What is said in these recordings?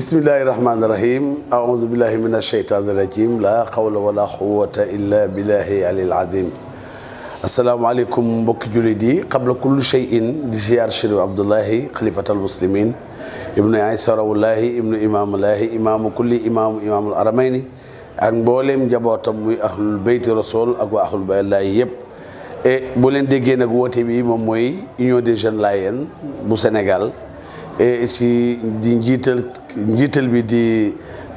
بسم الله الرحمن الرحيم أعوذ بالله من الشيطان الرجيم لا قول ولا قوة إلا بالله علي العظيم السلام عليكم بك جلدي قبل كل شيء دشيار شريف عبد الله خليفة المسلمين ابن عيسى رو الله ابن إمام الله إمام كل إمام إمام الأرميني أن بولم جبوتم أهل البيت رسول أقوى أهل البيت الله يب et bo len deggene ak wote bi mom moy union des jeunes layen bu senegal si di njiital njiital bi di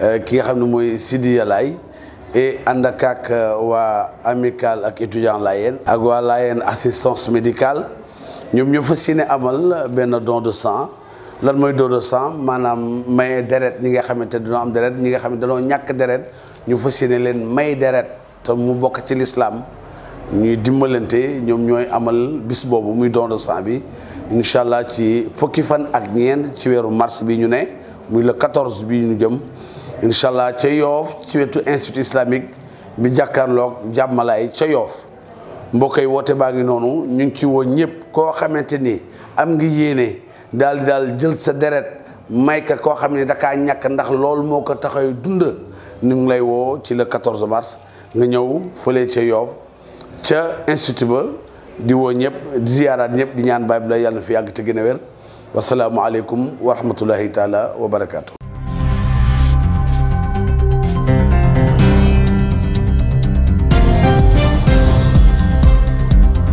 euh, ki nga xam ne mooy Sidi Yalaay et ànd ak euh, waa amical ak étudiant Layeen ak waa Layeen assistance médicale ñoom ñoo fas yéene amal benn don de sang lan mooy don de sang maanaam maye deret ñi nga xamante dañoo am deret ñi nga xam ne dañoo ñàkk deret ñu fas yéene leen may deret te mu bokk ci lislaam ñuy dimbalante ñoom ñooy amal bis boobu muy don de sang bi incha allah ci fukki fan ak ñeent ci weeru mars bi ñu ne muy le 14 bi ñu jëm incha allah ca yoof ci wetu institut islamique bi jàkkaarloog jàmmalaay ca yoof mbokk yi woote baa ngi noonu ñu ngi ci woo ñëpp koo xamante ni am ngi yéene daal di daal jël sa deret may ka koo xam ne dakaa ñàkk ndax loolu moo ko taxay dund nu ngi lay woo ci le 14 mars nga ñëw fële ca yoof ca institut ba di woo ñëpp di ziyaaraat ñëpp di ñaan baay bi la yàlla na fi yàgg te gën a wér wasalaamualeykum wa rahmatullahi taala wa barakaatu.